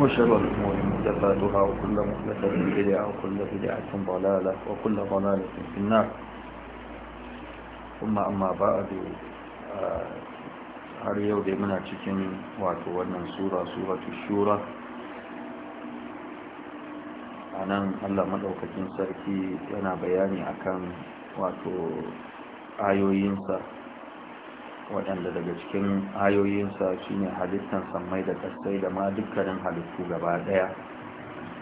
وشر الأمور مهدفاتها وكل مهدفة بدعة وكل بدعة ضلالة وكل ضلالة في النار ثم أما بعد هل آه، يوم من أتكين واتوانا سورة سورة الشورى أنا ألا مدوك جنسر كي أنا بياني أكام واتو آيوين سر waɗanda daga cikin ayoyinsa shine halittar samai da ƙasai da ma dukkanin halittu gaba ɗaya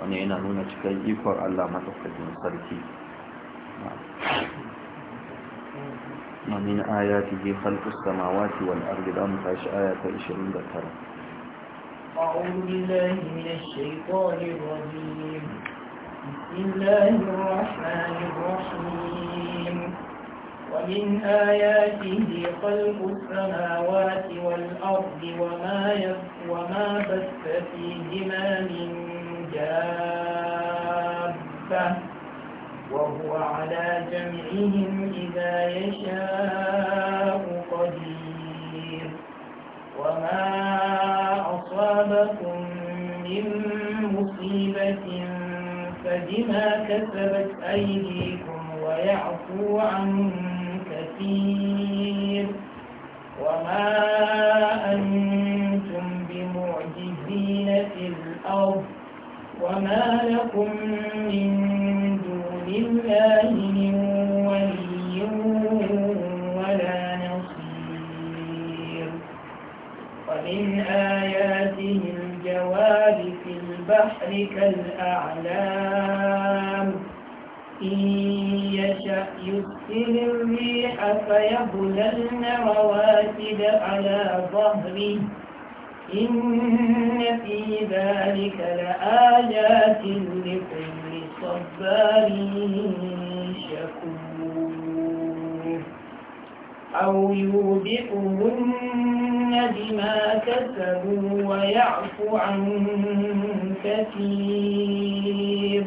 wani yana nuna cikin ikon Allah matafajin sarki ومن آياته خلق السماوات والأرض الآن فاش آية 29 أعوذ بالله من الشيطان الرجيم بسم الله الرحمن الرحيم ومن آياته خلق السماوات والأرض وما وما بث فيهما من جابة وهو على جمعهم إذا يشاء قدير وما أصابكم من مصيبة فبما كسبت أيديكم ويعفو عن كثير وما أنتم بمعجزين في الأرض وما لكم من دون الله من ولي ولا نصير ومن آياته الجواب في البحر كالأعلام إن يشأ يسكن الريح فيبللن رواكد على ظهره إن في ذلك لآيات لكل صبار شكور أو يوبئهن بما كسبوا ويعفو عن كثير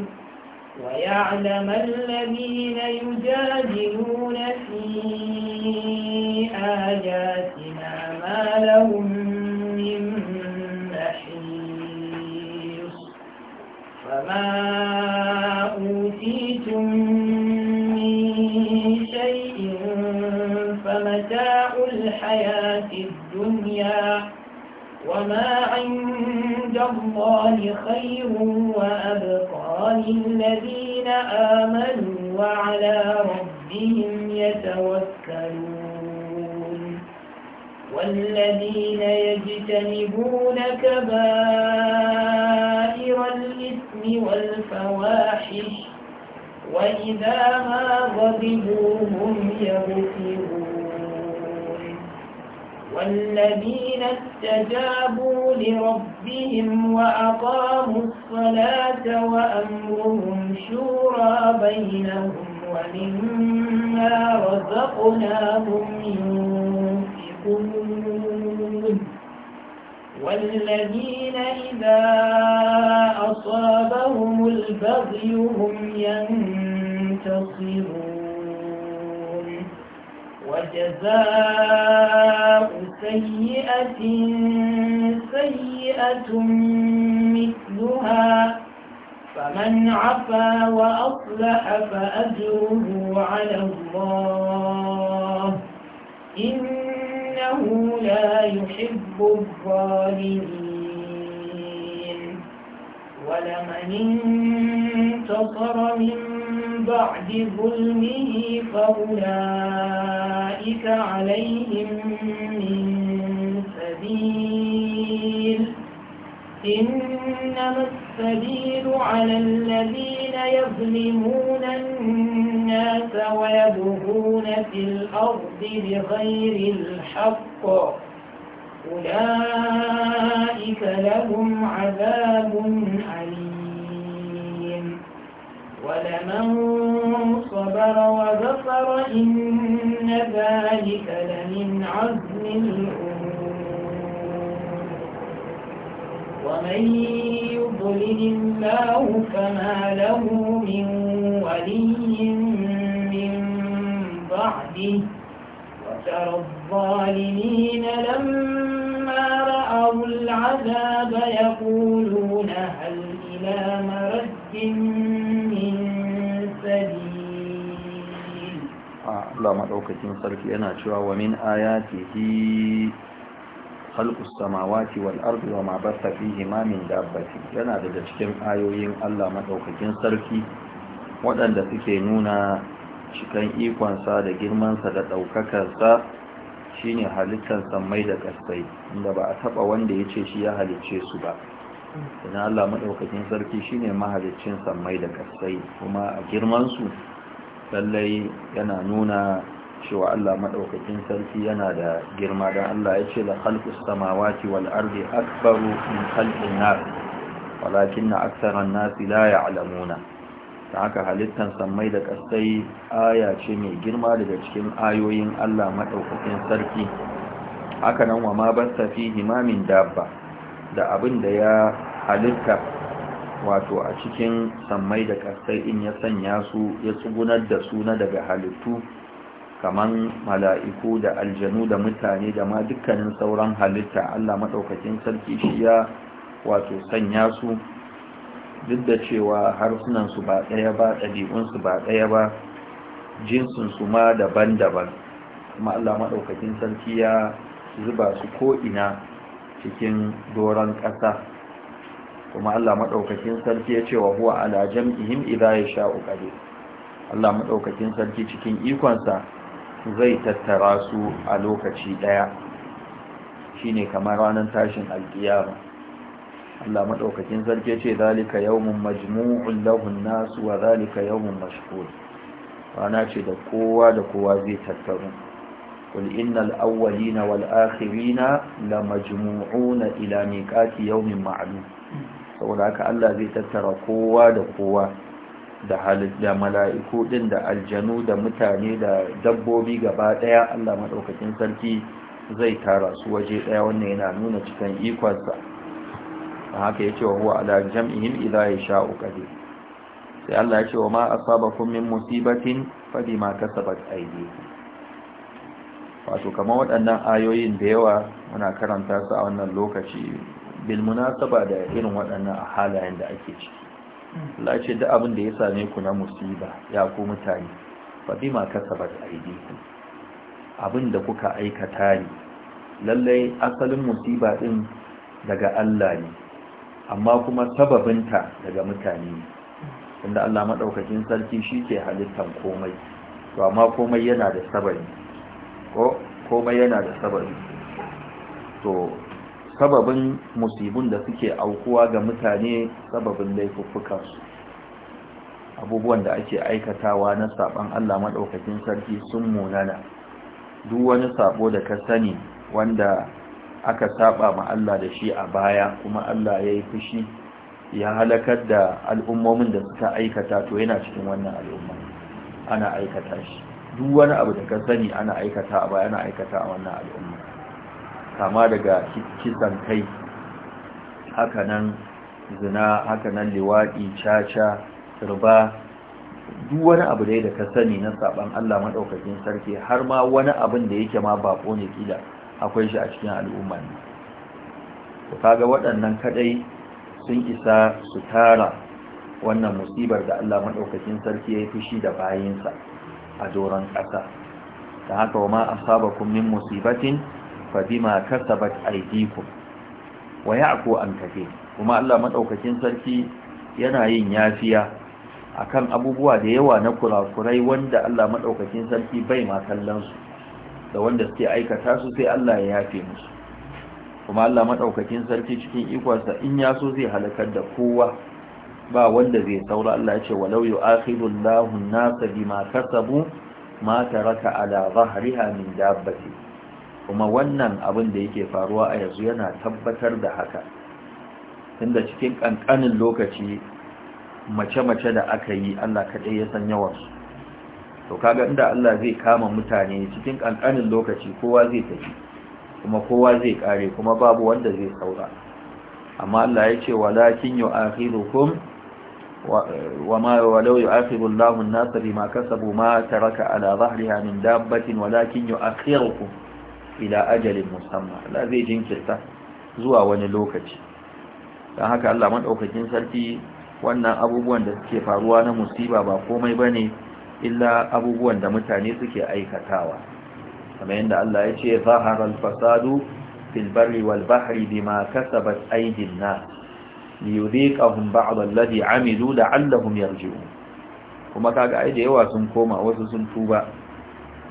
ويعلم الذين يجادلون ومن عفا وأصلح فأجره على الله إنه لا يحب الظالمين ولمن انتصر من بعد ظلمه فأولئك عليهم من سبيل إنما السبيل على الذين يظلمون الناس ويبغون في الأرض بغير الحق أولئك لهم عذاب أليم ولمن صبر وغفر إن ذلك لمن عزم الأمور ومن يضلل الله فما له من ولي من بعده وترى الظالمين لما رأوا العذاب يقولون هل إلى مرد من سبيل الله مدعوك تنصرك أنا شوى ومن آياته khalqus samawati wal ardi wa ma batha fihima yana daga cikin ayoyin Allah madaukakin sarki waɗanda suke nuna cikan ikonsa da girmansa da sa shine halittar sammai da ƙasai inda ba a taɓa wanda ya ce shi ya halicce su ba ina Allah maɗaukakin sarki shine mahaliccin sammai da ƙasai kuma a girmansu lallai yana nuna cewa Allah maɗaukakin sarki yana da girma dan Allah ya ce la khalqus samawati wal ardi akbaru min khalqin nas walakinna aktharan nas la ya'lamuna ta haka halittan sammai da kasai aya ce mai girma daga cikin ayoyin Allah maɗaukakin sarki haka nan wa ma basta fihi himamin dabba da abin da ya halitta wato a cikin sammai da kasai in ya sanya su ya tsugunar da su na daga halittu kaman mala'iku da aljanu da mutane da ma dukkanin sauran halitta Allah maɗaukakin sarki shi ya wato sanya su duk da cewa harsunansu ba ɗaya ba ɗabi'unsu ba ɗaya ba jinsinsu ma daban-daban kuma Allah maɗaukakin sarki ya zuba su ko'ina cikin doron ƙasa kuma Allah maɗaukakin sarki ya ce wa huwa ala jam'ihim idza yasha'u qadir Allah maɗaukakin sarki cikin ikonsa zai tattara su a lokaci daya shine kamar ranar tashin alkiyama Allah madaukakin sarki ce zalika yawmun majmu'un lahu an-nas wa zalika yawmun mashhur rana ce da kowa da kowa zai tattaru قل إن الأولين والآخرين ila إلى ميقات يوم معلوم saboda haka Allah zai tattara kowa da kowa da da mala'iku din da aljanu da mutane da dabbobi gaba ɗaya, Allah madaukakin sarki zai tara su waje ɗaya wannan yana nuna cikin ikonsa haka yace wa huwa ala jam'ihim ya yasha'u qadir sai Allah ya ce wa ma asabakum min musibatin fa bima kasabat aydikum wato kamar waɗannan ayoyin da yawa muna karanta su a wannan lokaci saba da irin waɗannan halayen da ake ciki Allah ce duk abin da ya same ku na musiba ya ku mutane fa bima kasabat aidiku abin da kuka aikata ne lallai asalin musiba din daga Allah ne amma kuma sababin ta daga mutane ne inda Allah madaukakin sarki shi ke halittan komai to amma komai yana da sababi ko komai yana da sababi to sababin musibin da suke aukuwa ga mutane sababin laifuffukan su, abubuwan da ake aikatawa na saban Allah maɗaukakin sarki sun munana duk wani sabo da ka sani wanda aka saba ma Allah da shi a baya kuma Allah ya yi fushi ya halakar da al'ummomin da suka aikata to yana cikin wannan al'umma ana aikata shi duk wani abu da ka sani ana aikata a baya ana aikata a wannan al'umma kama daga kisan kai hakanan zina hakanan liwaɗi caca turba duk wani abu da da ka sani na saban Allah madaukakin sarki har ma wani abin da yake ma baƙo ne kila akwai shi a cikin al'umma ne to kaga waɗannan kadai sun isa su tara wannan musibar da Allah madaukakin sarki ya yayi fushi da bayinsa a doron ƙasa ta haka wa ma asabakum min musibatin fabima kasabat aydikum wa ya'fu an kathir kuma Allah madaukakin sarki yana yin yafiya akan abubuwa da yawa na kurakurai wanda Allah madaukakin sarki bai ma kallon su da wanda suke aikata su sai Allah ya yafe musu kuma Allah madaukakin sarki cikin ikonsa in ya so zai halakar da kowa ba wanda zai saura Allah ya ce walau yu'akhidu Allahu an-nasa bima kasabu ma taraka ala dhahriha min dabbati kuma wannan abin da yake faruwa a yanzu yana tabbatar da haka tunda cikin ƙanƙanin lokaci mace-mace da aka yi Allah kaɗai ya san yawansu to kaga inda Allah zai kama mutane cikin ƙanƙanin lokaci kowa zai tafi kuma kowa zai ƙare kuma babu wanda zai saura amma Allah ya ce walakin yu'akhirukum وما ولو يؤخر الله الناس بما كسبوا ما ترك على ظهرها من دابة ولكن يؤخركم ila ajalin musamman Allah zai jinkirta zuwa wani lokaci don haka Allah maɗaukakin sarki wannan abubuwan da suke faruwa na musiba ba komai ba ne illa abubuwan da mutane suke aikatawa kamar yadda Allah ya ce zaharar fasadu fil barri wal bahri bima kasabat aydin nas liyudhiqahum ba'd alladhi amilu la'allahum yarji'un kuma kaga ai da yawa sun koma wasu sun tuba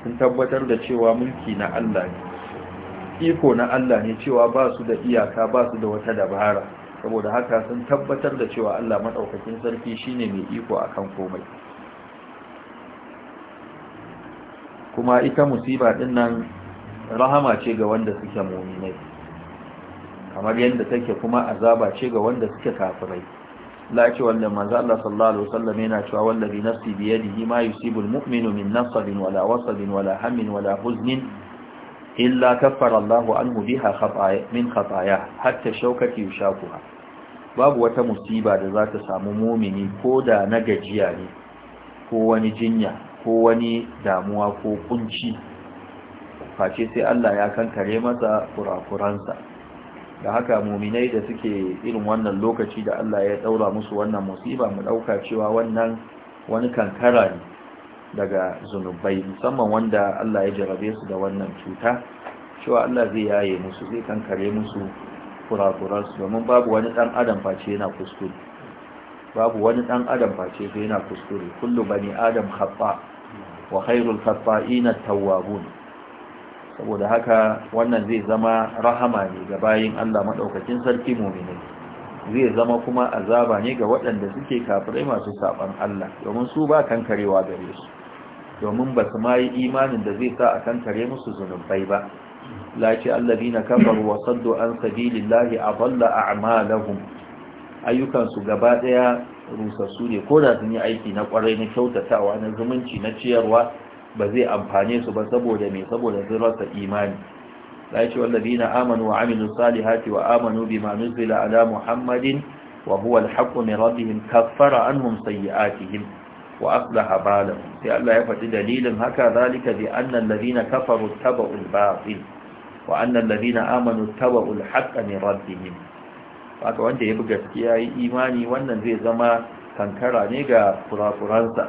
sun tabbatar da cewa mulki na Allah ne iko na Allah ne cewa ba su da iyaka ba su da wata dabara saboda haka sun tabbatar da cewa Allah maɗaukakin sarki shine mai iko a kan komai kuma ita musiba ɗin nan rahama ce ga wanda suke muminai kamar yadda take kuma azaba ce ga wanda suke kafirai la wanda manzo Allah sallallahu alaihi wasallam yana cewa wallazi nafsi bi yadihi ma yusibul mu'minu min nasabin wala wasabin wala hammin wala huznin illa kaffara Allahu anhu biha khataaya min khataaya hatta shaukati yushakuha babu wata musiba da za ta samu mumini ko da na gajiya ne ko wani jinya ko wani damuwa ko kunci face sai Allah ya kankare masa kurakuransa da haka muminai da suke irin wannan lokaci da Allah ya daura musu wannan musiba mu dauka cewa wannan wani kankara ne daga zunubai musamman wanda Allah ya jarabe su da wannan cuta cewa Allah zai yaye musu zai kankare musu kurakurarsu domin babu wani ɗan adam face yana kuskure babu wani ɗan adam face zai yana kuskure Kullum bani adam khata wa khairul khata'ina tawwabun saboda haka wannan zai zama rahama ne ga bayin Allah maɗaukacin sarki mu'minai zai zama kuma azaba ne ga waɗanda suke kafirai masu saɓan Allah domin su ba kankarewa gare su domin ba su ma yi imanin da zai sa a kankare musu zunubai ba lace allazina kafaru wa saddu an sabilillahi adalla a'malahum ayyukan su gaba daya rusassu ne ko da sun yi aiki na kwarai na kyautatawa na zumunci na ciyarwa ba zai amfane su ba saboda me saboda sun rasa imani lace wallazina amanu wa aminu salihati wa amanu bima nuzila ala muhammadin wa huwa alhaqqu min rabbihim kaffara anhum sayyi'atihim wa asla balahu sai Allah ya faɗi dalilin haka zalika bi anna alladhina kafaru tabu al-batil wa anna alladhina amanu tabu al-haqqa min rabbihim haka wanda ya buga gaskiya yi imani wannan zai zama kankara ne ga kurakuransa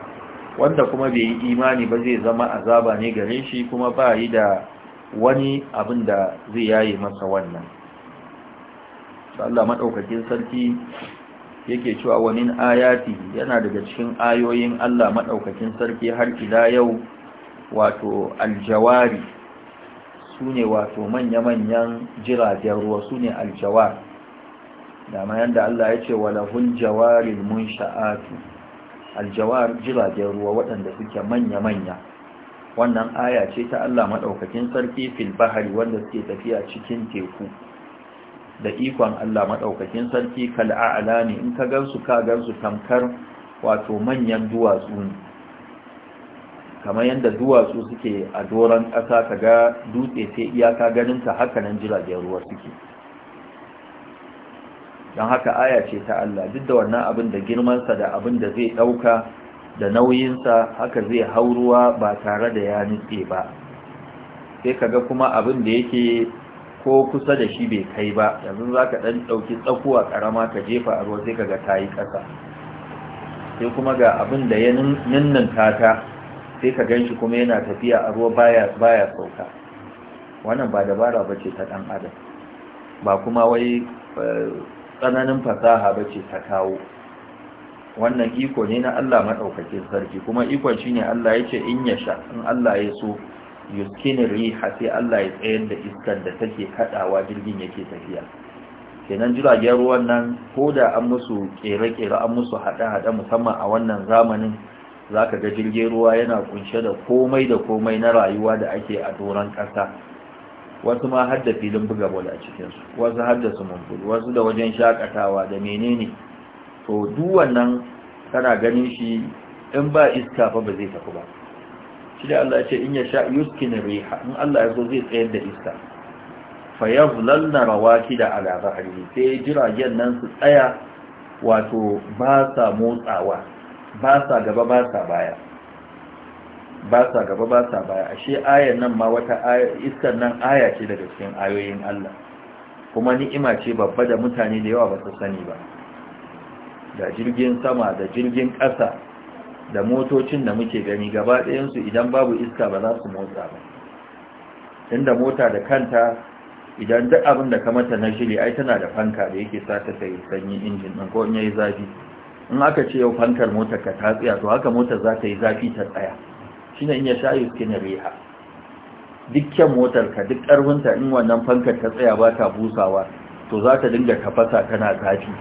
wanda kuma bai yi imani ba zai zama azaba ne gare shi kuma ba yi da wani abin da zai yaye masa wannan Allah madaukakin sarki yake cewa wa min ayati yana daga cikin ayoyin Allah madaukakin sarki har ila yau wato aljawari sune wato manya-manyan jiragen ruwa sune aljawar dama yanda Allah ya ce walahul jawaril sha'atu'. aljawar jiragen ruwa waɗanda suke manya-manya wannan aya ce ta Allah madaukakin sarki fil wanda suke tafiya cikin teku da ikon Allah maɗaukakin sarki kal'a'ala ne in ka gansu ka gansu tamkar wato manyan duwatsu ne kamar yadda duwatsu suke a doron ƙasa ka ga dutse sai iyaka ganinta haka nan jiragen ruwa suke don haka aya ce ta Allah duk da wannan abin da girmansa da abin da zai ɗauka da nauyinsa haka zai hau ruwa ba tare da ya nutse ba sai kaga kuma abin da yake ko kusa da shi bai kai ba yanzu za ka ɗan ɗauki tsakuwa ƙarama ka jefa a ruwa sai ka ga ta yi ƙasa sai kuma ga abin da ya nannan ta sai ka gan shi kuma yana tafiya a ruwa baya sauka wannan ba dabara ba ce ta ɗan adam ba kuma wai eh, tsananin fasaha ba ce ta kawo wannan iko ne na Allah maɗaukakin sarki kuma ikon shi ne Allah ya ce in ya sha in Allah ya so yuskinin riha sai Allah ya tsayar da iskan da take kadawa jirgin yake tafiya kenan jiragen ruwan nan ko da an musu kere-kere an musu haɗe-haɗe musamman a wannan zamanin zaka ga jirgin ruwa yana kunshe da komai da komai na rayuwa da ake a doron ƙasa wasu ma har da filin buga bol a cikinsu wasu har da sumumbul wasu da wajen shakatawa da menene to duk wannan kana ganin shi in ba iska fa ba zai tafi ba shi Allah ya ce in ya sha yuskin riha in Allah ya zo zai tsayar da iska fa yadhalna rawakida ala zahri sai jiragen nan su tsaya wato ba sa motsawa ba sa gaba ba sa baya ba sa gaba ba sa baya ashe ayar nan ma wata iskar nan aya ce daga cikin ayoyin Allah kuma ni'ima ce babba da mutane da yawa ba su sani ba da jirgin sama da jirgin ƙasa da motocin da muke gani gaba ɗayansu idan babu iska ba za su motsa ba inda mota da kanta idan duk abin da ka mata na shiri ai tana da fanka da yake sata ta sai sanyi injin ɗin ko in yayi zafi in aka ce yau fankar motar ka ta tsaya to haka motar za ta yi zafi ta tsaya shine in ya sha yuski na riha dukkan motar ka duk ƙarfinta in wannan fankar ta tsaya ba ta busawa to za ta dinga kafasa tana zafi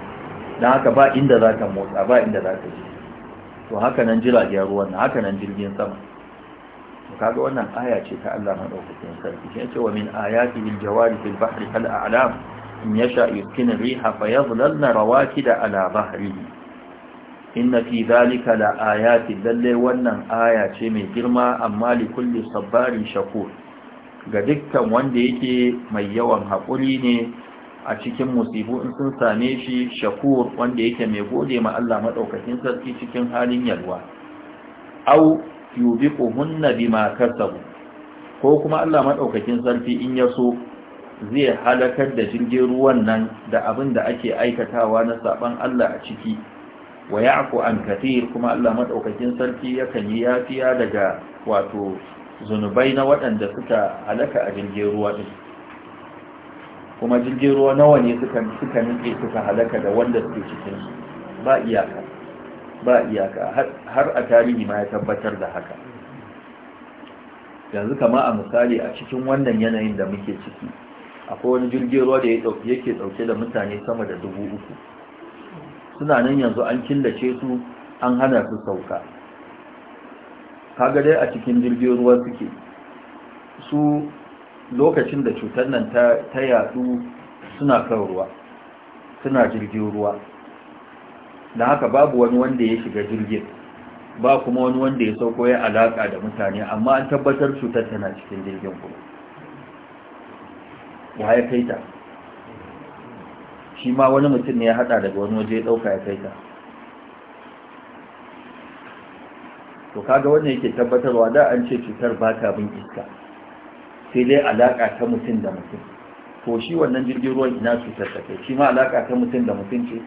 don haka ba inda za ta motsa ba inda za ta je. to haka nan jiragen ruwan na haka nan jirgin sama kaga wannan aya ce ta Allah madaukakin sarki shi yace wa min ayatihi aljawari fil bahri kal a'lam in yasha yuskin riha fayadhlalna rawakida ala bahrihi inna fi dhalika la ayatin lalle wannan aya ce mai girma amma li kulli sabarin shakur ga dukkan wanda yake mai yawan haƙuri ne a cikin musibu in sun same shi shakur wanda yake mai gode ma Allah madaukakin sarki cikin halin yalwa au hunna bima kasabu ko kuma Allah madaukakin sarki in ya so zai halakar da jirgin ruwan nan da abin da ake aikatawa na saban Allah a ciki wa ya'fu an kathir kuma Allah maɗaukakin sarki yakan yi yafiya daga wato zunubai na waɗanda suka halaka a jirgin ruwa din kuma jirgin ruwa nawa ne suka suka nike suka halaka da wanda suke cikin ba iyaka ba iyaka har a tarihi ma ya tabbatar da haka yanzu kama a misali a cikin wannan yanayin da muke ciki akwai wani jirgin ruwa da yake dauke da mutane sama da dubu uku suna nan yanzu an killace su an hana su sauka kaga dai a cikin jirgin ruwa suke su lokacin da cutar nan ta yadu suna kan ruwa suna jirgin ruwa da haka babu wani wanda ya shiga jirgin ba kuma wani wanda ya sauko ya alaka da mutane amma an tabbatar cutar tana cikin jirgin kuma ya kai ta shi ma wani mutum ne ya hada daga wani waje ya dauka ya kai to kaga wannan yake tabbatarwa da an ce cutar ba ta bin iska sai dai alaƙa ta mutum da mutum to shi wannan jirgin ruwan ina cutar ta shi ma alaka ta mutum da mutum ce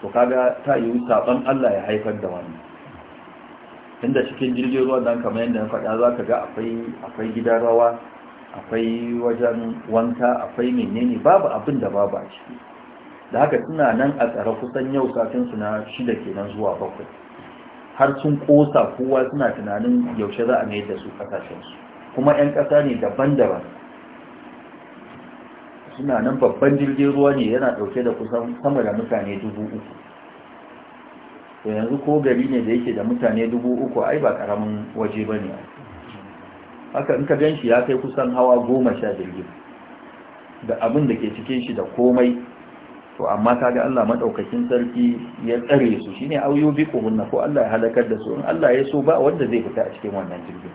to kaga ta yi saban Allah ya haifar da wannan inda cikin jirgin ruwan nan kamar yadda na faɗa za ka ga akwai gidan rawa akwai wajen wanka akwai menene babu abin da babu a ciki da haka suna nan a tsara kusan yau kafin suna shida kenan zuwa bakwai har sun kosa kowa suna tunanin yaushe za a mayar da su kasashensu kuma 'yan ƙasa ne daban-daban suna nan babban jirgin ruwa ne yana ɗauke da kusan sama da mutane dubu uku to yanzu ko gari ne da yake da mutane dubu uku ai ba ƙaramin waje ba ne haka in ka gan shi ya kai kusan hawa goma sha jirgin da abin da ke cikin shi da komai to amma ta ga Allah maɗaukakin sarki ya tsare su shine auyo bi ko Allah ya halakar da su in Allah ya so ba wanda zai fita a cikin wannan jirgin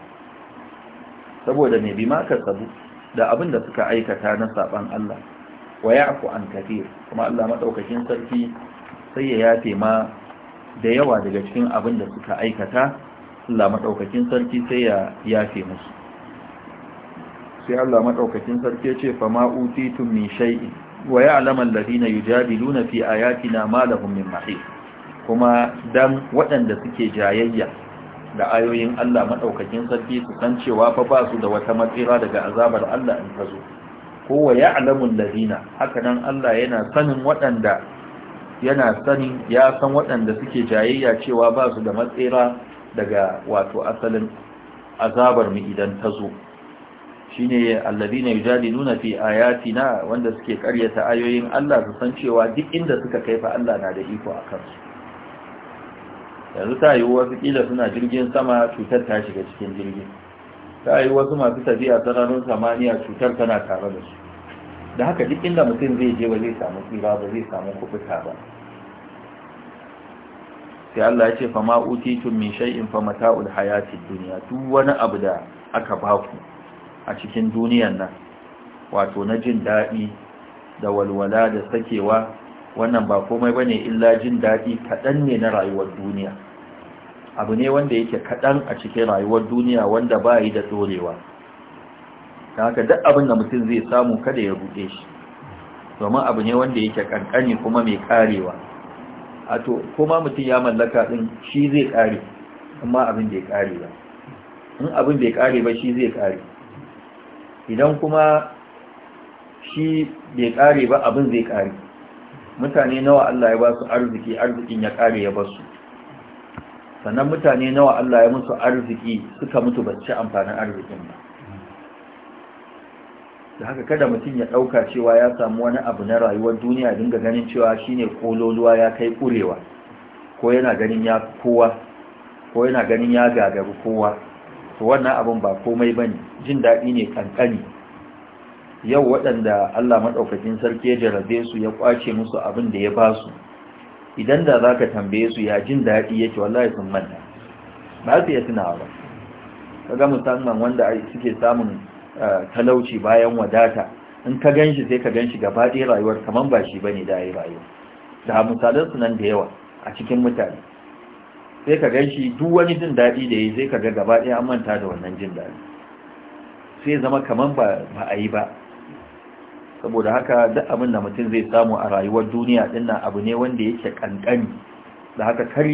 saboda mai bima ka sabu da abin da suka aikata na saban Allah wa ya'fu an kathir kuma Allah madaukakin sarki sai ya yafe ma da yawa daga cikin abin da suka aikata Allah madaukakin sarki sai ya yafe musu sai Allah madaukakin sarki ya ce fa ma utitum min shay'in wa ya'lamu alladhina yujadiluna fi ayatina ma lahum min mahis kuma dan waɗanda suke jayayya da ayoyin Allah maɗaukakin sarki su san cewa fa ba su da wata matsira daga azabar Allah in tazo ko wa ya'lamu allazina haka nan Allah yana sanin waɗanda yana sanin ya san waɗanda suke jayayya cewa ba su da matsira daga wato asalin azabar mu idan tazo shine allazina nuna fi ayatina wanda suke karyata ayoyin Allah su san cewa duk inda suka kaifa Allah na da iko a kansu. yanzu ta yi wasu kila suna jirgin sama cutar ta shiga cikin jirgin ta yi wasu masu tafiya sararin samaniya cutar tana tare da su da haka duk inda mutum zai je ba zai samu tsira ba zai samu kufuta ba sai Allah ya ce fa tun min shay'in fa mata'ul hayatid dunya duk wani abu da aka baku a cikin duniyan nan wato na jin daɗi da walwala da sakewa wannan ba komai ba ne illa jin daɗi kaɗan ne na rayuwar duniya abu ne wanda yake kaɗan a cikin rayuwar duniya wanda ba yi da ɗorewa ta haka duk abin da mutum zai samu kada ya buɗe shi domin abu ne wanda yake ƙanƙani kuma mai ƙarewa a to kuma mutum ya mallaka ɗin shi zai ƙare amma abin bai ƙare ba in abin bai ƙare ba shi zai ƙare idan kuma shi bai ƙare ba abin zai ƙare mutane nawa Allah ya ba su arziki arzikin ya kare ya basu sannan mutane nawa Allah ya musu arziki suka mutu ba ci amfanin arzikin ba da haka kada mutum ya ɗauka cewa ya samu wani abu na rayuwar duniya dinga ganin cewa shine kololuwa ya kai ƙurewa ko yana ganin ya kowa ko yana ganin ya gagaru kowa to wannan abun ba komai bane jin daɗi ne kankani yau waɗanda Allah maɗaukakin sarki ya jarabe su ya kwace musu abin da ya ba su idan da za ka tambaye su ya jin daɗi yake wallahi sun manta ba su iya tunawa ba Ka ga musamman wanda suke samun eh, talauci bayan wadata in ka gan shi sai ka gan shi gaba ɗaya rayuwar kamar ba shi ba ne da ya rayu da misalan su nan da yawa a cikin mutane sai ka gan duk wani jin daɗi da ya yi sai ka ga gaba ɗaya an manta da wannan jin daɗi sai zama kamar ba a yi ba saboda haka duk abin da mutum zai samu a rayuwar duniya dinnan abu ne wanda yake kankani da haka kar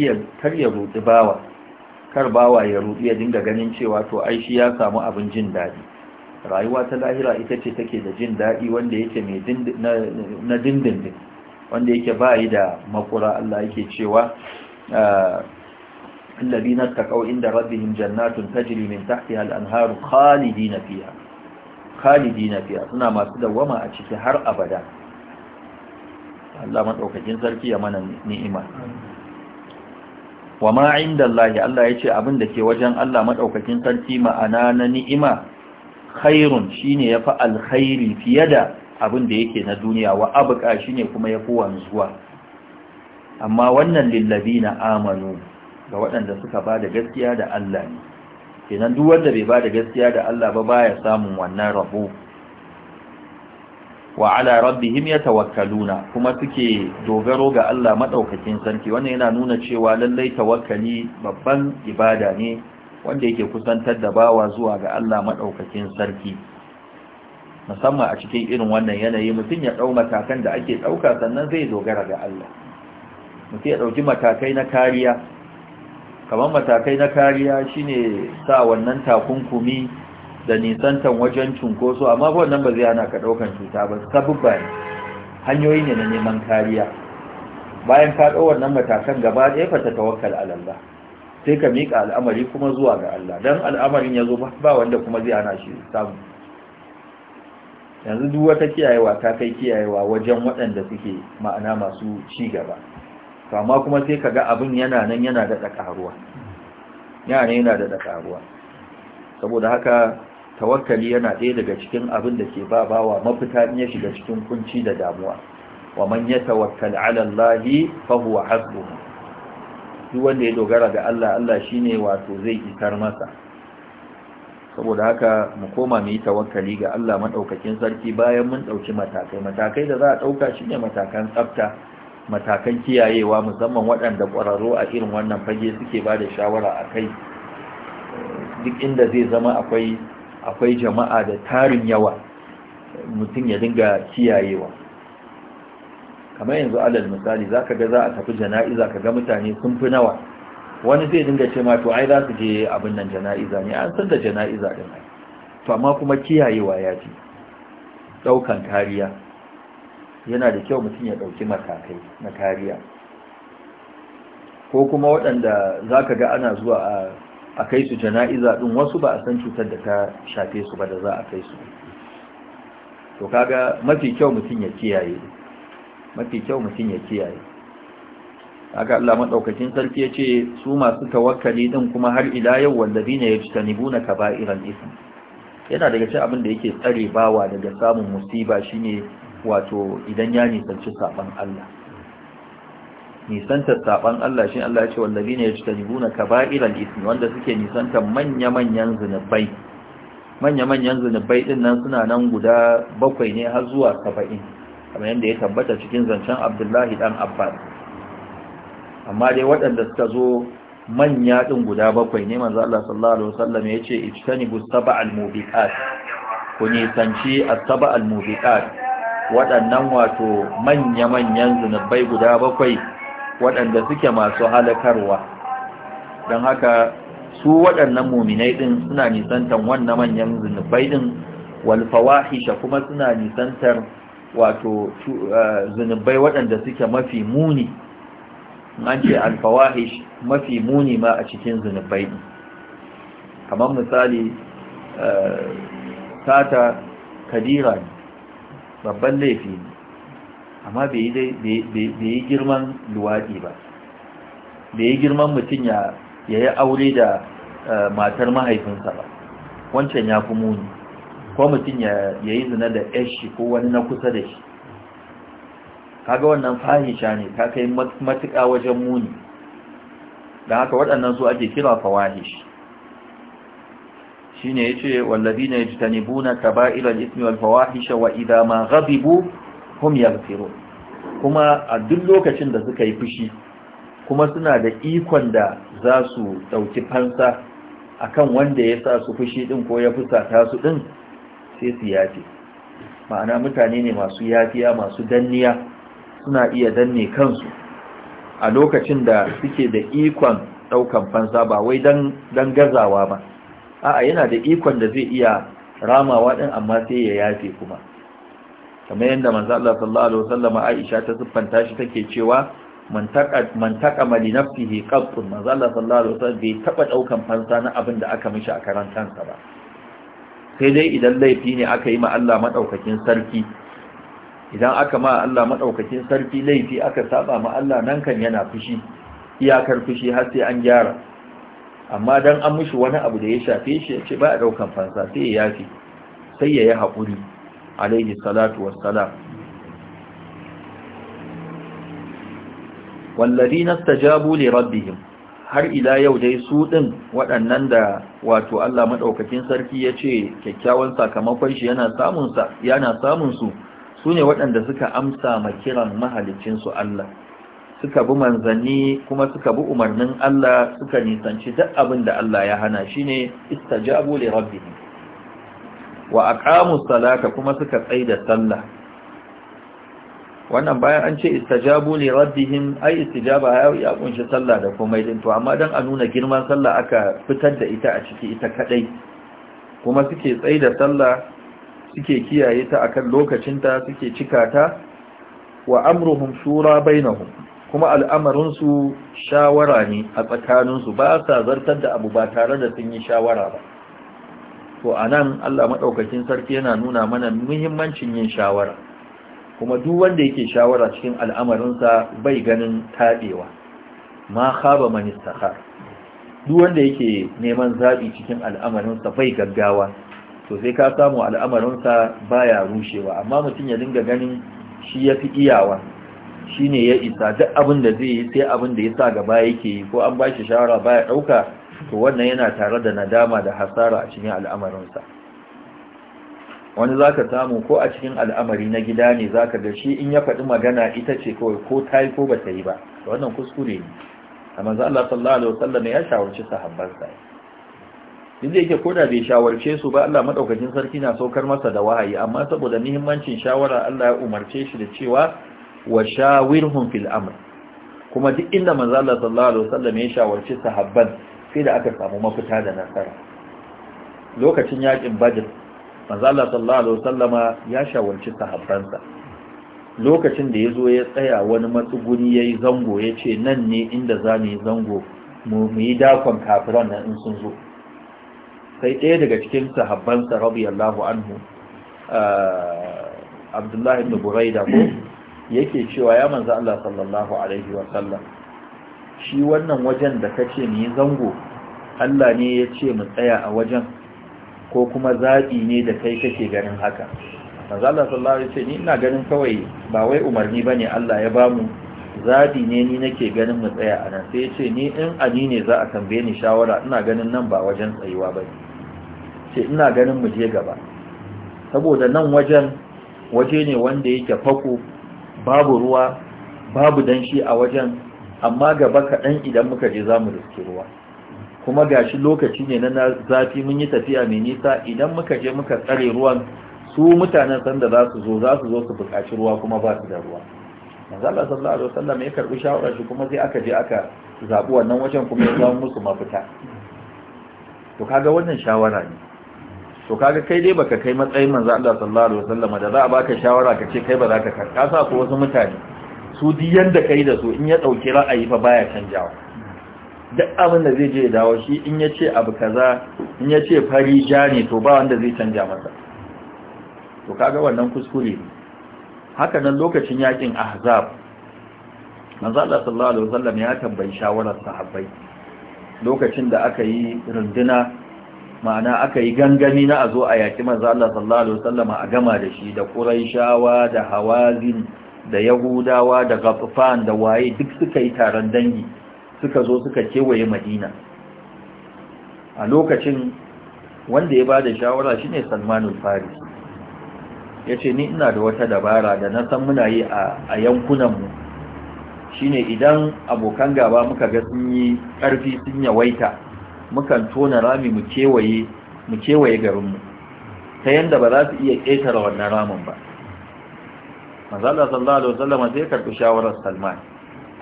ya rudi bawa kar bawa ya rudi ya dinga ganin cewa to ai shi ya samu abin jin daɗi rayuwa ta lahira ita ce take da jin daɗi wanda yake mai na dindindin wanda yake ba yi da makura Allah yake cewa الذين اتقوا عند ربهم جنات تجري من تحتها anharu خالدين فيها na fiya suna masu dawama a ciki har abada Allah maɗaukakin sarki ya mana ni'ima wa ma indallahi Allah ce abin da ke wajen Allah maɗaukakin sarki ma'ana na ni'ima khairun shine yafi alkhairi fiye da abin da yake na duniya wa abqa shine kuma yafi wanzuwa amma wannan na amanu ga waɗanda suka ba da gaskiya da Allah ne kenan duk wanda bai bada gaskiya da Allah ba baya samun wannan rabo wa ala rabbihim yatawakkaluna kuma suke dogaro ga Allah madaukakin sarki wannan yana nuna cewa lallai tawakkali babban ibada ne wanda yake kusantar da bawa zuwa ga Allah madaukakin sarki musamman a cikin irin wannan yanayi mutum ya dau matakan da ake dauka sannan zai dogara ga Allah mutum ya dauki matakai na kariya kamar matakai na kariya shine sa wannan takunkumi da nisantan wajen cunkoso amma wannan ba zai ana ka daukan cuta ba sabubba ne hanyoyi ne na neman kariya bayan ka dau wannan matakan gaba ɗaya fa ta tawakkal ala Allah sai ka mika al'amari kuma zuwa ga Allah dan al'amarin yazo ba ba wanda kuma zai ana shi samu yanzu duk wata kiyayewa ta kai kiyayewa wajen waɗanda suke ma'ana masu ci gaba amma kuma sai kaga abin yana nan yana da ƙaruwa yana yana da ƙaruwa saboda haka tawakkali yana ɗaya daga cikin abin da ke ba bawa mafita in ya shiga cikin kunci da damuwa wa man yatawakkal ala llahi fa huwa hasbuhu duk wanda ya dogara ga Allah Allah shine wato zai isar masa saboda haka mu koma mu yi tawakkali ga Allah madaukakin sarki bayan mun dauki matakai matakai da za a dauka shine matakan tsafta matakan kiyayewa musamman waɗanda ƙwararru a irin wannan fage suke ba da shawara a kai duk inda zai zama akwai jama'a da tarin yawa mutum ya dinga kiyayewa kamar yanzu alal misali za ka ga za a tafi jana'iza ka ga mutane sun fi nawa wani zai dinga ce ma to ai za su je abin nan jana'iza ne an san da jana'iza din to amma kuma kiyayewa ya fi ɗaukan kariya yana da kyau mutum ya ɗauki matakai na kariya ko kuma waɗanda za ka ga ana zuwa a kai su jana'iza ɗin wasu ba a san cutar da ta shafe su ba da za a kai su to kaga mafi kyau mutum ya kiyaye mafi kyau mutum ya kiyaye haka Allah madaukakin sarki yace su masu tawakkali din kuma har ila yau wanda ya wallazina yajtanibuna kaba'iran isa. yana daga cikin abin da yake tsare bawa daga samun musiba shine wato idan ya nisanci saban Allah nisantar saban Allah shi Allah ya ce wallabi ne ya ci tajibuna kaba'iral ismi wanda suke nisantar manya-manyan zunubai manya-manyan zunubai din nan suna nan guda bakwai ne har zuwa saba'in kamar yadda ya tabbata cikin zancen abdullahi dan abbas amma dai waɗanda suka zo manya ɗin guda bakwai ne manzo Allah sallallahu alaihi wasallam yace ijtanibu sab'al mubiqat ku nisanci as-sab'al mubiqat waɗannan wato manya-manyan zunubai guda bakwai waɗanda suke masu halakarwa don haka su waɗannan muminai ɗin suna nisantar wannan manyan zunubai ɗin walfawahisha kuma suna nisantar wato eh, zunubai waɗanda suke mafi muni an ce alfawahish mafi muni ma a cikin zunubai ɗin kamar misali eh, sata kadira ne babban laifi ne amma bai yi girman luwaɗi ba bai yi girman mutum ya yi aure da eh, matar mahaifinsa ba wancan ya fi muni ko mutum ya yi zina da shi ko wani na kusa da shi kaga wannan fahisha ne ka kai matuƙa wajen muni da haka waɗannan su ake kira fawahish shine yace wallazina yajtanibuna kaba'ira al-ithmi wal fawahisha wa idha ma ghadibu hum yaghfirun kuma a duk lokacin da suka yi fushi kuma suna da ikon da za su dauki fansa akan wanda ya sa su fushi din ko ya fusata su din sai su yafi ma'ana mutane ne masu yafiya masu danniya suna iya danne kansu a lokacin da suke da ikon daukan fansa ba wai dan gazawa ba a'a yana da ikon da zai iya ramawa din amma sai ya yafe kuma kamar yadda manzo Allah sallallahu alaihi wasallam Aisha ta siffanta shi take cewa man taqa man taqa mali nafsihi qabtun manzo Allah sallallahu alaihi wasallam bai taba daukan fansa na abin da aka mishi a karan kansa ba sai dai idan laifi ne aka yi ma Allah madaukakin sarki idan aka ma Allah madaukakin sarki laifi aka saba ma Allah nan kan yana fushi iyakar fushi har sai an gyara amma dan an mishi wani abu da ya shafe shi ya ce ba a daukan fansa sai ya yafi sai ya yi haƙuri alaihi salatu wassalam wallazi nastajabu li rabbihim har ila yau dai su ɗin waɗannan da wato Allah madaukakin sarki ya ce kyakkyawan sakamakon shi yana samun su sune waɗanda suka amsa ma kiran su Allah suka bi manzanni kuma suka bi umarnin Allah suka nisanci duk abin da Allah ya hana shine istajabu li rabbihim wa aqamu salata kuma suka tsaida sallah wannan bayan an ce istajabu li rabbihim ai istijaba ya kunshi sallah da komai din to amma dan a nuna girman sallah aka fitar da ita a ciki ita kadai kuma suke tsaida sallah suke kiyaye ta akan lokacinta suke cika ta wa amruhum shura bainahum kuma al'amarinsu shawara ne a tsakaninsu ba sa zartar da abu ba tare da sun yi shawara ba to a nan allah maɗaukakin sarki yana nuna mana muhimmancin yin shawara kuma duk wanda yake shawara cikin al'amarinsa bai ganin taɗewa ma haɓa manistahar duk wanda yake neman zaɓi cikin al'amarinsa bai gaggawa to sai ka samu al'amarinsa baya rushewa amma mutum ya dinga ganin shi ya fi iyawa Shi ne ya isa duk abin da zai yi sai abin da ya sa gaba yake yi ko an ba shi shawara baya dauka to wannan yana tare da nadama da hasara a cikin al'amarinsa wani zaka samu ko a cikin al'amari na gida ne zaka ga shi in ya faɗi magana ita ce kawai ko ta yi ko ba ta yi ba wannan kuskure ne amma za Allah sallallahu alaihi wasallam ya shawarci sahabbansa inda yake koda bai shawarce su ba Allah madaukakin sarki na saukar masa da wahayi amma saboda muhimmancin shawara Allah ya umarce shi da cewa wa shawirhum fil amr kuma duk inda manzo Allah sallallahu alaihi wasallam ya shawarci sahabban sai da aka samu mafita da nasara lokacin yakin badr manzo Allah sallallahu alaihi wasallama ya shawarci sahabbansa lokacin da yazo ya tsaya wani matsuguni yayi zango yace nan ne inda zamu yi zango mu yi dakon kafiran nan in sun zo sai ɗaya daga cikin sahabbansa radiyallahu anhu ah, Abdullahi ibn Buraida ko yake cewa ya manzo Allah sallallahu alaihi wa sallam shi wannan wajen da kace ni zango Allah ne ya ce mu tsaya a wajen ko kuma zaɓi ne da kai kake ganin haka manzo Allah sallallahu alaihi wa sallam ni ina ganin kawai ba wai umarni bane Allah ya bamu Zabi ne ni nake ganin mu tsaya a nan sai ya ce ni in ani ne za a tambaye ni shawara ina ganin nan ba wajen tsayuwa ba sai ina ganin mu je gaba saboda nan wajen waje ne wanda yake fako babu ruwa babu danshi a wajen amma gaba kaɗan idan muka je za mu riski ruwa kuma gashi lokaci ne na zafi mun yi tafiya mai nisa idan muka je muka tsare ruwan su mutanen sanda za su zo za su zo su buƙaci ruwa kuma ba su da ruwa Allah sallallahu alaihi wasallam ya karbi shawara shi kuma sai aka je aka zabi wannan wajen kuma ya zama musu mafita to kaga wannan shawara ne to kaga kai dai baka kai matsayin manzo Allah sallallahu alaihi wasallam da za a baka shawara kace kai ba za ka karka ko wasu mutane su di yanda kai da su in ya dauki ra'ayi fa baya canjawa duk abin da zai je dawo shi in ya ce abu kaza in ya ce fari ja ne to ba wanda zai canja masa to kaga wannan kuskure ne haka nan lokacin yakin ahzab manzo Allah sallallahu alaihi wasallam ya tambayi shawarar sahabbai lokacin da aka yi runduna ma'ana aka yi gangami na a zo a yaki manzo Allah sallallahu alaihi a gama da shi da Quraishawa da Hawazin da Yahudawa da Ghatfan da waye duk suka yi taron dangi suka zo suka kewaye Madina a lokacin wanda ya ba da shawara shine Salman al-Farisi yace ni ina da wata dabara da na san muna yi a yankunan mu shine idan abokan gaba muka ga sun yi ƙarfi sun yawaita mukan tona rami mu kewaye mu garinmu ta yadda ba za su iya ƙetare wannan ramin ba manzala sallallahu alaihi wasallam sai karɓi shawarar salman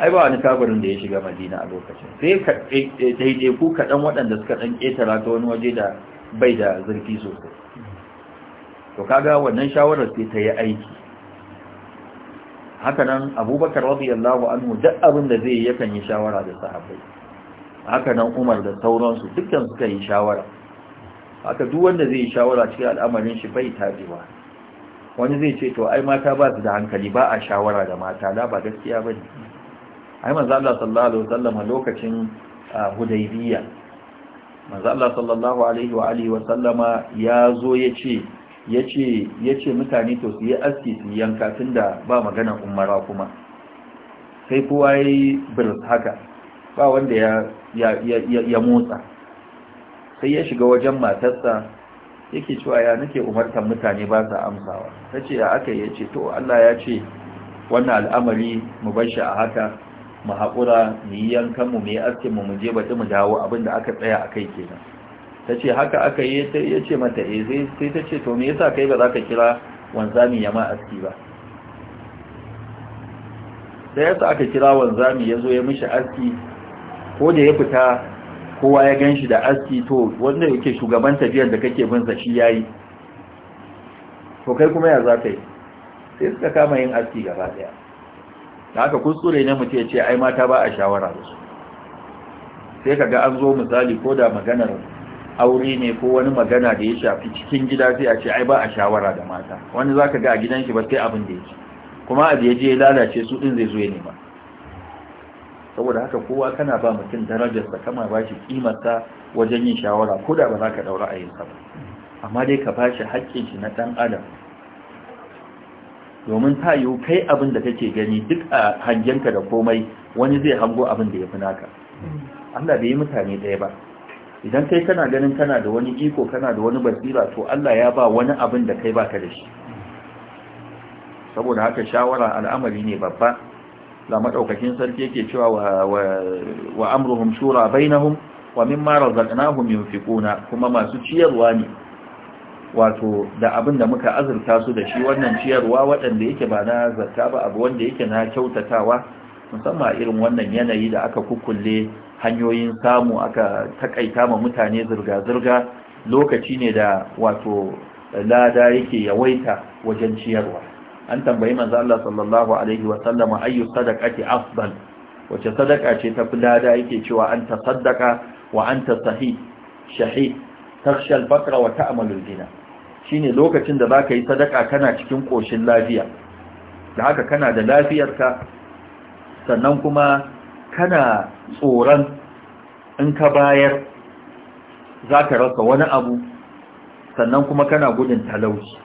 ai ba wani kafirin da ya shiga madina a lokacin sai ka e, e, daidai ku kaɗan waɗanda suka ɗan ƙetara ta wani waje da bai da zurfi sosai to kaga wannan shawarar sai ta yi aiki haka nan abubakar radiyallahu anhu duk abin da zai yi yakan yi shawara da sahabbai haka nan umar da sauransu dukkan suka yi shawara haka duk wanda zai yi shawara cikin al'amarin shi bai ba. wani zai ce to ai mata ba su da hankali ba a shawara da mata la ba gaskiya ba ne ai manzo Allah sallallahu alaihi wasallam a lokacin Hudaybiya manzo Allah sallallahu alaihi wa alihi wasallama ya zo yace yace yace mutane to su yi aski su yanka tunda ba magana ummara kuma sai kowa yayi bir haka ba wanda ya motsa sai ya shiga wajen matarsa yake cewa ya nake umartan mutane ba sa amsawa ta ce ya aka yi ce to Allah ya ce wannan al'amari mu bar shi a haka mu haƙura mu yi yankanmu mu yi aske mu je baɗi mu dawo abin da aka tsaya a kai kenan ta ce haka aka yi ya ce mata eh sai ta ce to me yasa kai ba za ka kira wanzami ya ma aski ba Sai yasa aka kira wanzami ya zo ya mishi aski ko da ya fita kowa ya gan shi da aski to wanda yake shugaban tafiyar da kake binsa shi ya yi to kai kuma ya za ka yi sai suka kama yin aski gaba daya da haka kuskure ne mutu ya ce ai mata ba a shawara da su sai ka ga an zo misali ko da maganar aure ne ko wani magana da ya shafi cikin gida sai a ce ai ba a shawara da mata wani za ka ga a gidan shi ba sai abin da ya ce kuma a da ya ya lalace su ɗin zai zo ya nema saboda haka kowa kana ba mutum darajarsa kama ba shi kimarsa wajen yin shawara ko da ba za ka ɗaura sa ba amma dai ka ba shi haƙƙin shi na ɗan adam domin ta yiwu kai abin da kake gani duk a hangenka da komai wani zai hango abin da ya fi naka Allah bai yi mutane ɗaya ba idan kai kana ganin kana da wani iko kana da wani basira to Allah ya ba wani abin da kai baka da shi saboda haka shawara al'amari ne babba da madaukakin sarki yake cewa wa amruhum shura bainahum wa mimma razaqnahum yunfiquna kuma masu ciyarwa ne wato da abin da muka azurta su da shi wannan ciyarwa waɗanda yake ba na zakka ba abu wanda yake na kyautatawa musamman irin wannan yanayi da aka kukkulle hanyoyin samu aka takaita ma mutane zirga-zirga lokaci ne da wato lada yake yawaita wajen ciyarwa an tambayi manzo Allah sallallahu alaihi wa sallama ayyu sadaqati afdal wace sadaka ce ta fulada yake cewa an tasaddaqa wa anta sahih shahid takhsha al-faqra wa ta'malu al-ghina shine lokacin da zaka yi sadaka kana cikin koshin lafiya da haka kana da lafiyarka sannan kuma kana tsoron in ka bayar zaka rasa wani abu sannan kuma kana gudun talauci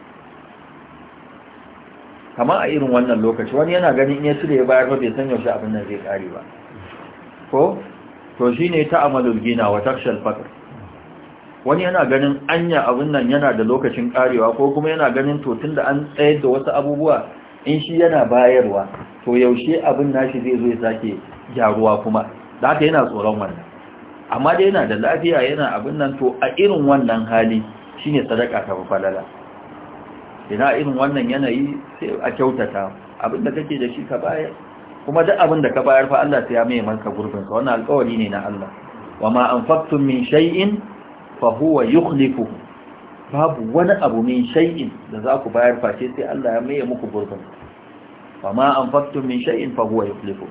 kama a irin wannan lokaci wani yana ganin ya cire ya bayar ba bai san yaushe abin nan zai kare ba ko to shine ta amalul gina wa takshal faqr wani yana ganin anya abin nan yana da lokacin karewa ko kuma yana ganin to tunda an tsayar da wasu abubuwa in shi yana bayarwa to yaushe abin nashi zai zo ya sake gyaruwa kuma da haka yana tsoron wannan amma dai yana da lafiya yana abin nan to a irin wannan hali shine sadaka ta falala ina irin wannan yanayi sai a kyautata abinda kake da shi ka bayar kuma duk abinda ka bayar fa Allah sai ya mai manka gurbin Ka wannan alƙawari ne na Allah wama anfaqtum min shay'in fa huwa yukhlifuhu babu wani abu min shay'in da za ku bayar face sai Allah ya mai muku gurbin wama anfaqtum min shay'in fa huwa yukhlifuhu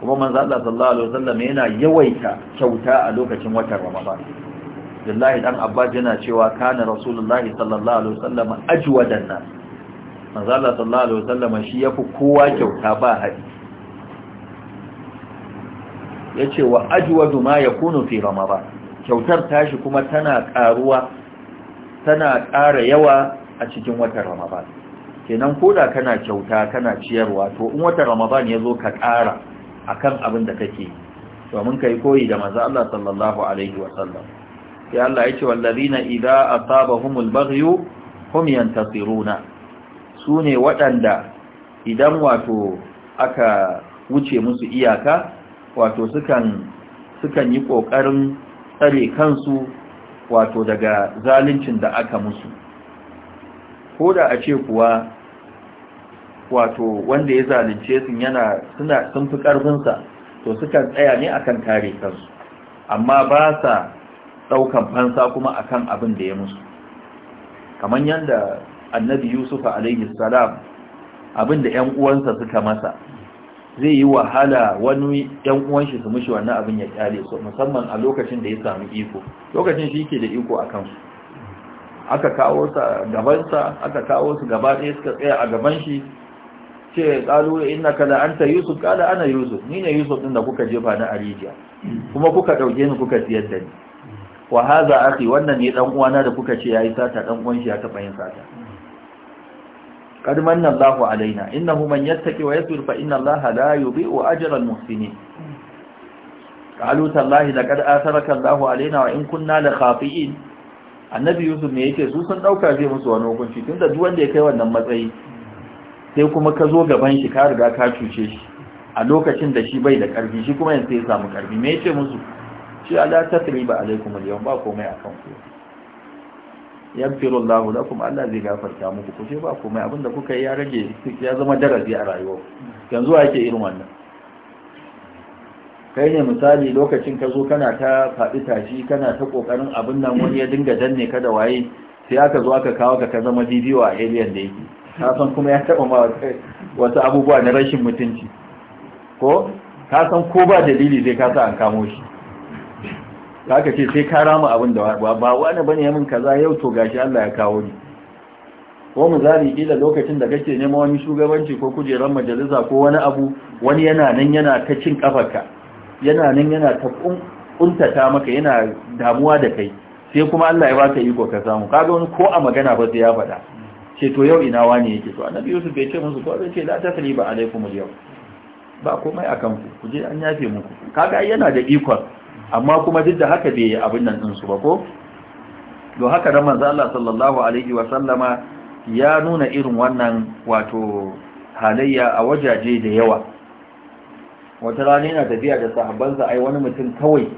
kuma manzo Allah sallallahu alaihi wasallam yana yawaita kyauta a lokacin watan Ramadan lillahi dan abbas yana cewa kana rasulullahi sallallahu alaihi wasallam ajwadan nas manzo Allah sallallahu alaihi wasallam shi yafi kowa kyauta ba hadi yace wa ajwadu ma yakunu fi ramadan kyautar tashi kuma tana karuwa tana ƙara yawa a cikin watan ramadan kenan koda kana kyauta kana ciyarwa to in watan ramadan ya zo ka ƙara akan abin da kake To mun kai koyi da manzo Allah sallallahu alaihi wasallam sai Allah ya ce wallazina idza asabahumul baghyu hum yantasiruna sune waɗanda idan wato aka wuce musu iyaka wato sukan sukan yi kokarin tsare kansu wato daga zaluncin da aka musu ko da a ce kuwa wato wanda ya zalunce su yana suna sun fi sa to sukan tsaya ne akan kare kansu amma ba sa Daukan fansa kuma akan abin da ya musu kamar yadda annabi yusuf alaihi salam abin da ‘yan uwansa suka masa zai yi wahala wani ‘yan uwanshi su mushi wannan abin ya kyale su musamman a lokacin da ya samu iko lokacin shi ke da iko a kansu aka kawo sa gabansa aka kawo su gaba ɗaya suka tsaya a gaban shi ce ƙalu inna kala anta yusuf kala ana yusuf ni ne yusuf ɗin da kuka jefa na arijiya kuma kuka ɗauke ni kuka tiyar da ni wa haza aki wannan ne dan uwana da kuka ce yayi sata dan uwan shi ya taba yin sata qad Allahu alaina innahu man yattaki wa yasbir fa inna Allaha la yudhi'u ajra al-muhsinin qalu tallahi laqad atharaka Allahu alaina wa in kunna la khafi'in annabi Yusuf ne yake su sun dauka zai musu wani hukunci tunda duk wanda ya kai wannan matsayi sai kuma ka zo gaban shi ka riga ka cuce shi a lokacin da shi bai da karfi shi kuma yanzu ya samu karfi me yace musu cewa la tasriba alaikum al ba komai akan ku yaghfiru Allahu lakum Allah zai gafarta muku ku ba komai abinda kuka yi ya rage ya zama darasi a rayuwa yanzu ake irin wannan kai ne misali lokacin ka zo kana ta faɗi tashi kana ta kokarin abin nan wani ya dinga danne ka da waye sai aka zo aka kawo ka zama bidiyo a alien da yake ka san kuma ya taɓa ma wasu abubuwa na rashin mutunci ko ka san ko ba dalili zai ka sa an kamo shi da aka ce sai ka rama abin da ba ba wani bane ya min kaza yau to gashi Allah ya kawo ni ko mu misali kila lokacin da kake nema wani shugabanci ko kujerar majalisa ko wani abu wani yana nan yana ta cin kafarka yana nan yana ta kuntata maka yana damuwa da kai sai kuma Allah ya baka iko ka samu kaga wani ko a magana ba sai ya faɗa ce to yau ina wani yake to annabi Yusuf bai ce musu ko bai ce la tasriba alaikum al-yawm ba komai akan ku kuje an yafe muku kaga yana da ikon amma kuma duk da haka bai yi abin nan ɗinsu ba ko do haka da manzo Allah sallallahu alaihi wa sallama ya nuna irin wannan wato halayya a wajaje da yawa wata rana yana tafiya da sahabbansa ai wani mutum kawai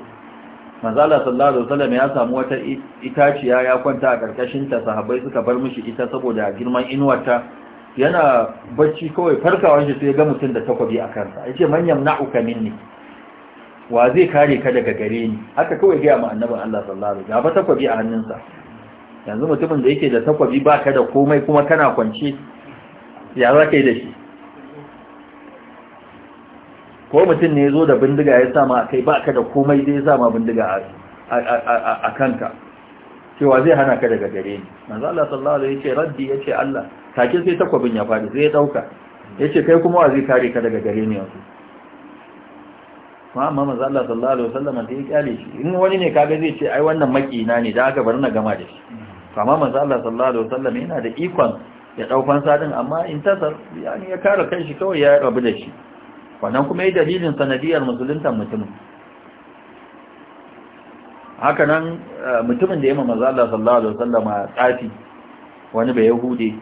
manzo Allah sallallahu alaihi wa sallama ya samu wata itaciya ya kwanta a karkashin ta sahabbai suka bar mishi ita saboda girman inuwarta yana bacci kawai farkawa shi sai ga mutum da takobi a kansa yace man na'uka minni wa zai kare ka daga gare ni haka kawai gaya ma annabin Allah sallallahu alaihi wasallam takwabi a hannunsa yanzu mutumin da yake da takwabi baka da komai kuma kana kwance ya za ka yi da shi ko mutum ne ya zo da bindiga ya sama a kai baka da komai dai ya sama bindiga a kanka cewa zai hana ka daga gare ni manzo Allah sallallahu alaihi wasallam yace raddi yace Allah take sai takwabin ya fadi sai ya dauka yace kai kuma wa zai kare ka daga gare ni yanzu ma amma manzo Allah sallallahu alaihi wasallam da ya kyale shi in wani ne kaga zai ce ai wannan makina ne da aka bar na gama da shi amma manzo Allah sallallahu alaihi wasallam yana da ikon ya daukan sadin amma in tasar yani ya kare kanshi kawai ya rabu da shi wannan kuma yayin dalilin sanadiyar musuluntan mutumin haka nan eh, mutumin da ya ma manzo Allah sallallahu alaihi wasallam tsafi wani bai yahude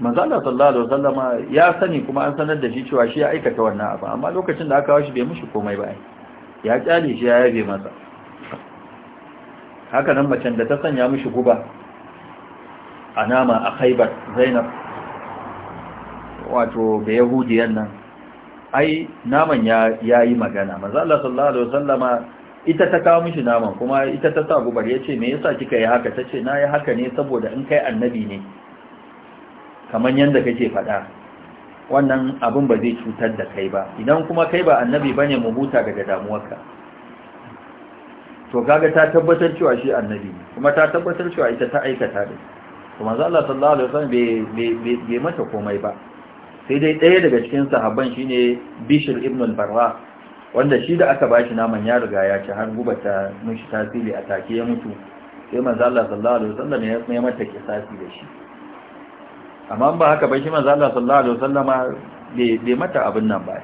manzala sallallahu alaihi wasallam ya sani kuma an sanar da shi cewa shi ya aikata wannan abu amma lokacin da aka kawo bai mushi komai ba ya kyale shi ya yabe masa haka nan macen da ta sanya mushi guba a nama a Khaibar Zainab wato da Yahudiyan nan ai naman ya yayi magana manzala sallallahu alaihi wasallama ita ta kawo mushi naman kuma ita ta sa gubar yace me yasa kika yi haka tace na yi haka ne saboda in kai annabi ne kamar yadda kake faɗa wannan abin ba zai cutar da kai ba idan kuma kai ba annabi bane mu huta daga damuwarka to kaga ta tabbatar cewa shi annabi kuma ta tabbatar cewa ita ta aikata ne. to manzo Allah sallallahu alaihi wasallam bai bai mata komai ba sai dai ɗaya daga cikin sahabban shine Bishr ibn al-Barra wanda shi da aka bashi naman ya riga ya ci har guba ta mushi tasiri a take ya mutu sai manzo Allah sallallahu alaihi wasallam ya mata kisasi da shi amma ba haka ba shi manzo Allah sallallahu alaihi bai mata abin nan ba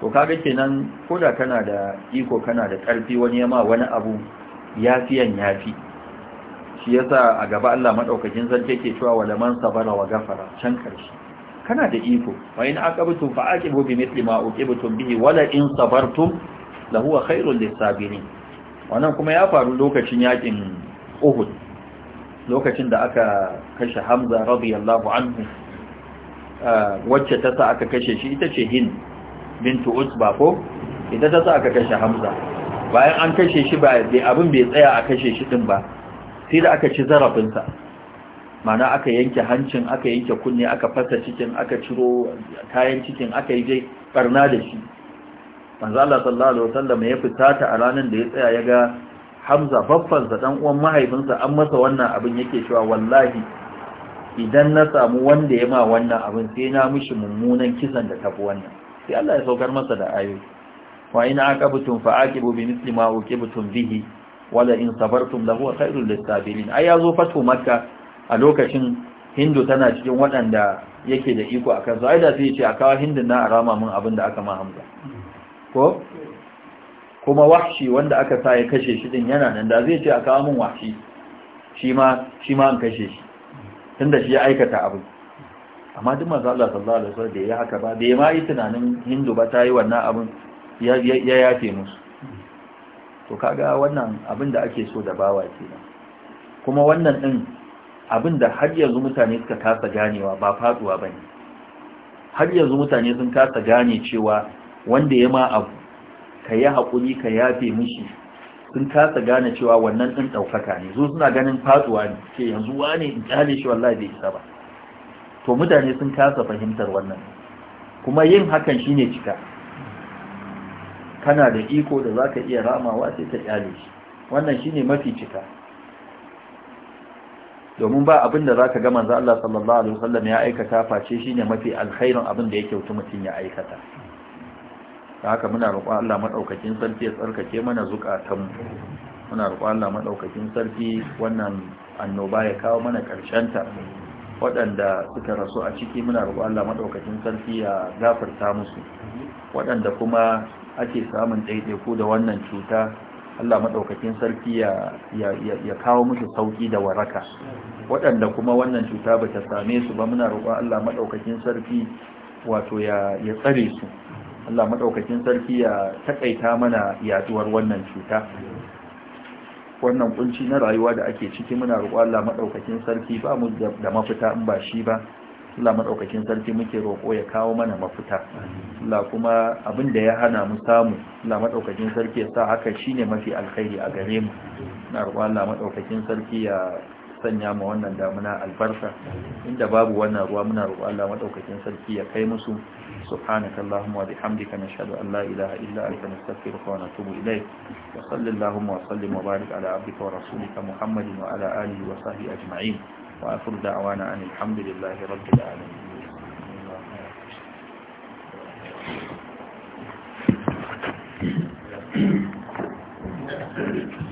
to kaga kenan da kana da iko kana da karfi wani yama wani abu yafiyan yafi shi yasa a gaba Allah madaukakin sarki yake cewa man sabara wa gafara can karshe kana da iko wa in aqabtu fa aqibu bi mithli ma uqibtum bihi wala in sabartum la huwa khairul lisabirin wannan kuma ya faru lokacin yakin Uhud lokacin da aka kashe hamza radiyallahu anhu wacce ta sa aka kashe shi ita ce hin bintu utba ko ita ta sa aka kashe hamza bayan an kashe shi ba abin bai tsaya a kashe shi din ba sai da aka ci zarafinsa mana aka yanke hancin aka yanke kunne aka fasa cikin aka ciro kayan cikin aka yi dai barna da shi manzo Allah sallallahu alaihi wasallam ya fitata a ranar da ya tsaya ya ga hamza sa dan uwan mahaifinsa an masa wannan abin yake cewa wallahi idan na samu wanda ya ma wannan abin sai na mishi mummunan kisan da tafi wannan sai Allah ya saukar masa da ayoyi wa in aqabtum aqibu bi mithli ma uqibtum bihi wala in sabartum huwa khairul lisabirin ai yazo fatu makka a lokacin hindu tana cikin waɗanda yake da iko a kansu ai da sai ya ce a hindun na arama mun min abin da aka ma hamza ko kuma wahshi wanda aka sa ya kashe shi din yana nan da zai ce a kawo min wahshi shi ma shi ma an kashe shi tunda shi ya aikata abu amma duk manzo Allah sallallahu alaihi wasallam da ya haka ba bai ma yi tunanin Hindu ba ta yi wannan abin ya yafe musu to kaga wannan abin da ake so da bawa kenan kuma wannan din abin da har yanzu mutane suka kasa ganewa ba faduwa bane har yanzu mutane sun kasa gane cewa wanda ya ma abu ka yi haƙuri ka yafe mishi sun kasa gane cewa wannan ɗin ɗaukaka ne zo suna ganin fatuwa ne ke yanzu wane in ƙyale shi wallahi bai isa ba to mutane sun kasa fahimtar wannan kuma yin hakan shine cika kana da iko da zaka iya ramawa sai ka ƙyale shi wannan shine mafi cika domin ba abin da zaka ga manzo Allah sallallahu alaihi wasallam ya aikata face shine mafi alkhairin abin da ya yake mutum ya aikata da haka muna roƙon Allah madaukakin sarki ya tsarkake mana zukatan muna roƙon Allah madaukakin sarki wannan annoba ya kawo mana ƙarshen ta waɗanda suka rasu a ciki muna roƙon Allah madaukakin sarki ya gafarta musu waɗanda kuma ake samun ɗaiɗaiku da wannan cuta Allah maɗaukakin sarki ya kawo musu sauki da waraka waɗanda kuma wannan cuta bata same su ba muna roƙon Allah maɗaukakin sarki wato ya tsare su Allah madaukakin sarki ya takaita mana yaduwar wannan cuta wannan kunci na rayuwa da ake ciki muna roƙo Allah madaukakin sarki ba mu da mafita in ba shi ba Allah madaukakin sarki muke roƙo ya kawo mana mafita Allah kuma abin da ya hana mu samu Allah madaukakin sarki ya sa haka shine mafi alkhairi a gare mu na roƙo Allah madaukakin sarki ya sanya ma wannan damuna albarka inda babu wannan ruwa muna roƙon Allah madaukakin sarki ya kai musu subhanaka allahumma wa bihamdika nashhadu an la ilaha illa anta nastaghfiruka wa natubu ilayk wa sallallahu wa sallim wa barik ala abdika wa rasulika muhammadin wa ala alihi wa sahbihi ajma'in wa afur da'wana an alhamdulillahi rabbil alamin Thank you.